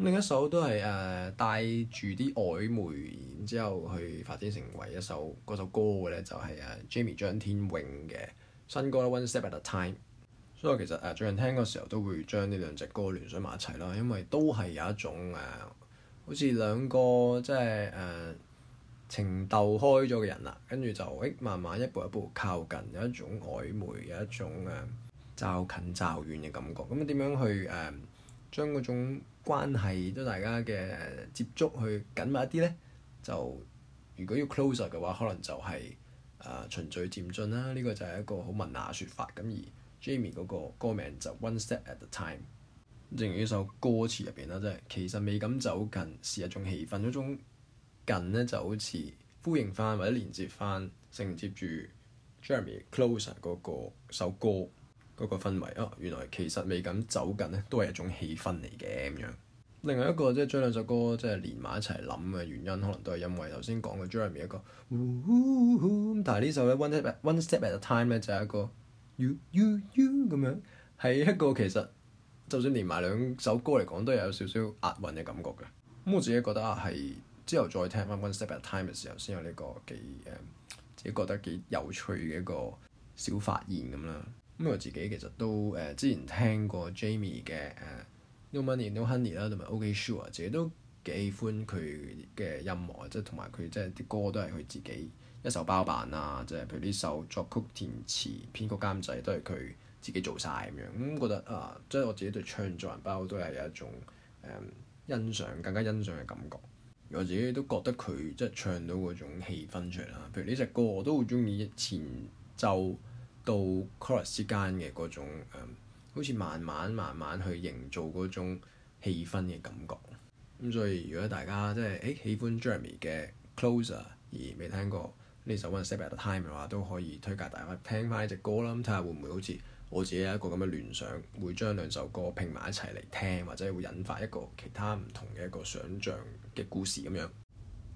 另一首都係誒、呃、帶住啲曖昧，然之後去發展成為一首嗰首歌嘅咧，就係、是、誒、啊、Jaime 張天穎嘅新歌咧《One Step At A Time》。所以其實誒、呃、最近聽嘅時候都會將呢兩隻歌聯想埋一齊啦，因為都係有一種誒、呃、好似兩個即係誒、呃、情竇開咗嘅人啦，跟住就誒、欸、慢慢一步一步靠近，有一種曖昧，有一種誒驟、呃、近驟遠嘅感覺。咁點樣去誒、呃、將嗰種？關係都大家嘅接觸去緊密啲呢，就如果要 closer 嘅話，可能就係、是、啊、呃、循序漸進啦。呢、這個就係一個好文雅嘅説法。咁而 Jaime 嗰個歌名就 One Step At A Time。正如呢首歌詞入邊啦，即係其實未敢走近是一種氣氛，嗰種近呢就好似呼應返或者連接返承接住 Jaime closer 嗰個首歌。嗰個氛圍哦，原來其實未咁走近咧，都係一種氣氛嚟嘅咁樣。另外一個即係將兩首歌即係連埋一齊諗嘅原因，可能都係因為頭先講嘅《Jeremy》一個，哦哦哦、但係呢首咧《One Step at One Step at a Time》咧就係一個 You You You 咁樣，係一個其實就算連埋兩首歌嚟講，都有少少押韻嘅感覺嘅。咁我自己覺得係之後再聽翻《One Step at a Time》嘅、呃呃呃呃啊、時候，先有呢、這個幾誒、嗯、自己覺得幾有趣嘅一個小發現咁啦。咁我自己其實都誒、uh, 之前聽過 Jaime 嘅《uh, No Money No Honey》啦，同埋《OK Sure》，自己都幾喜歡佢嘅音樂，即係同埋佢即係啲歌都係佢自己一手包辦啊。即、就、係、是、譬如呢首作曲、填詞、編曲、監製都係佢自己做晒，咁樣。咁、嗯、覺得啊，即、uh, 係我自己對唱作人包都係有一種誒、um, 欣賞，更加欣賞嘅感覺。我自己都覺得佢即係唱到嗰種氣氛出嚟啦。譬如呢隻歌我都好中意，前奏。到 chorus 之間嘅嗰種、嗯、好似慢慢慢慢去營造嗰種氣氛嘅感覺。咁所以，如果大家即係誒喜歡 Jeremy 嘅 Closer 而未聽過呢首 One Step at a Time 嘅話，都可以推介大家聽翻呢隻歌啦。咁睇下會唔會好似我自己有一個咁嘅聯想，會將兩首歌拼埋一齊嚟聽，或者會引發一個其他唔同嘅一個想像嘅故事咁樣。